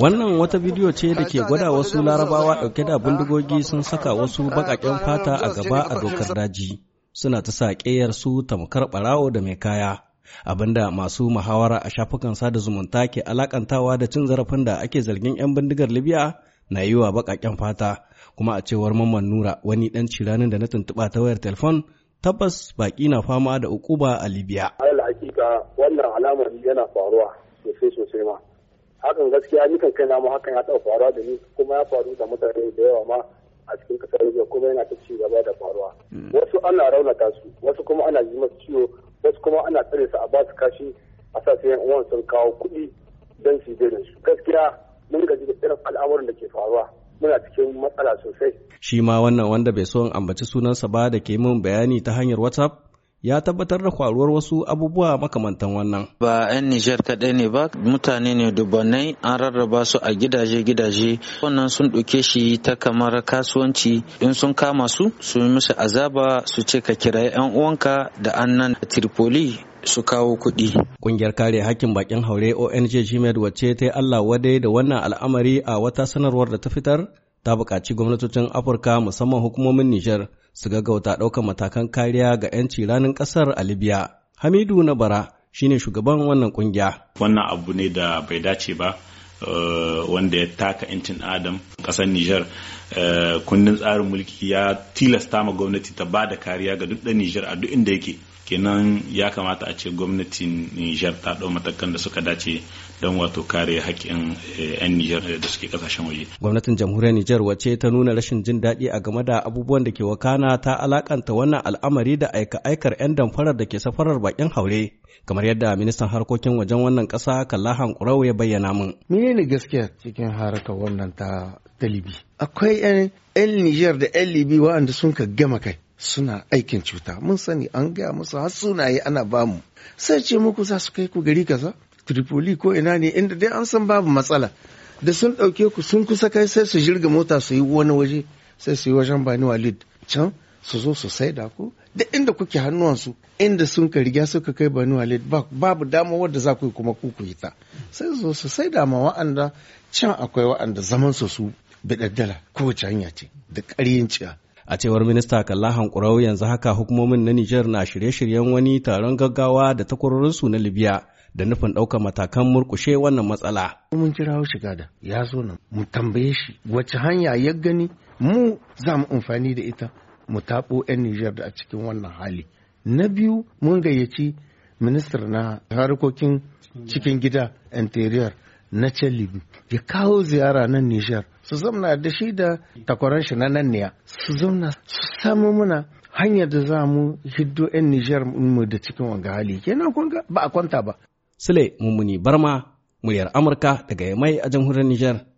Wannan wata bidiyo ce da ke gwada wasu larabawa ɗauke da bindigogi sun saka wasu baƙaƙen fata a gaba a dokar daji. Suna ta sa su tamkar barawo da mai kaya. Abinda masu muhawara a shafukan sada zumunta ke alakantawa da cin zarafin da ake zargin 'yan bindigar Libya na yi wa baƙaƙen fata. Kuma a cewar Mamman Nura wani ɗan ciranin da na tuntuɓa ta wayar telefon tabbas baƙi na fama da ukuba a Libya. Alal hakika wannan alamar yana faruwa sosai sosai ma. Hakan gaskiya ni kan kaina ma hakan ya taɓa faruwa da ni kuma ya faru da mutane da yawa ma a cikin ƙasar Libya kuma yana ta ci gaba da faruwa. Hmm. Wasu ana raunata su, wasu kuma ana yi masu ciwo, wasu kuma ana tsare su a ba su kashi a sa sai uwan sun kawo kuɗi don su daina su. Gaskiya mun gaji da irin al'amuran da ke faruwa. muna cikin matsala sosai. Shi ma wannan wanda bai so in ambaci sunansa ba da ke min bayani ta hanyar WhatsApp? ya tabbatar da kwaruwar wasu abubuwa makamantan wannan. Ba 'yan Nijar kaɗai ne ba mutane ne dubbanai an rarraba su a gidaje-gidaje wannan sun ɗauke shi ta kamar kasuwanci in sun kama su su yi musu azaba su ce ka kirayi 'yan uwanka da annan Tripoli su kawo kuɗi. Ƙungiyar kare hakkin bakin haure ONG Jimed wacce ta yi Allah wadai da wannan al'amari a wata sanarwar da ta fitar ta buƙaci gwamnatocin Afirka musamman hukumomin Nijar su gaggauta ɗaukar matakan kariya ga 'yanci ranar ƙasar a Libya. Hamidu na bara shine shugaban wannan kungiya. Wannan abu ne da bai dace ba eh, wanda ya taka 'yancin Adam ƙasar Nijar. Eh, kundin tsarin mulki ya tilasta ma gwamnati ta ba da kariya ga duk da Nijar a duk inda yake. kenan ya kamata a ce gwamnatin nijar ta ɗau matakan da suka dace don wato kare haƙƙin 'yan eh, nijar eh, da suke ƙasashen waje gwamnatin jamhuriyar nijar wace ta nuna rashin jin daɗi a game da abubuwan da ke wakana ta alakanta wannan al'amari da aika aikar 'yan damfarar da ke safarar bakin haure kamar yadda ministan harkokin wajen wannan ƙasa kallahan ƙurau ya bayyana min menene gaskiya cikin harkar wannan ta talibi. akwai 'yan nijar da 'yan libi waɗanda sun ka gama kai suna aikin cuta mun sani an gaya musu har sunaye ana bamu sai ce muku za su kai ku gari kaza tripoli ko ina ne inda dai an san babu matsala da sun ɗauke ku sun kusa kai sai su jirga mota su yi wani waje sai su yi wajen bani walid can su zo su saida ku da inda kuke su. inda sun ka riga suka kai bani walid babu dama wadda za ku yi kuma ku ku ta sai su zo su saida ma wa'anda can akwai wa'anda zaman su su bidaddala kowace hanya ce da ƙaryin ciya A cewar minista Kalla Hankurau yanzu haka hukumomin na Nijar na shirye-shiryen wani taron gaggawa da takwarorinsu na Libya da nufin ɗauka matakan murkushe wannan matsala. Mun kira shiga da ya zo nan mu tambaye shi wace hanya ya gani mu za mu amfani da ita mu taɓo 'yan Nijar da a cikin wannan hali. Na biyu mun gayyaci ministar na harkokin cikin gida interior na Chalibi ya kawo ziyara nan Nijar su zamna da shi da takwaran shi na nan niya su zamna su samu muna hanyar da za mu hiddo 'yan Nijar mu da cikin wanga hali kenan kun ga ba a kwanta ba. Sule Mummuni Barma, muryar Amurka daga Yamai a jamhuriyar Nijar.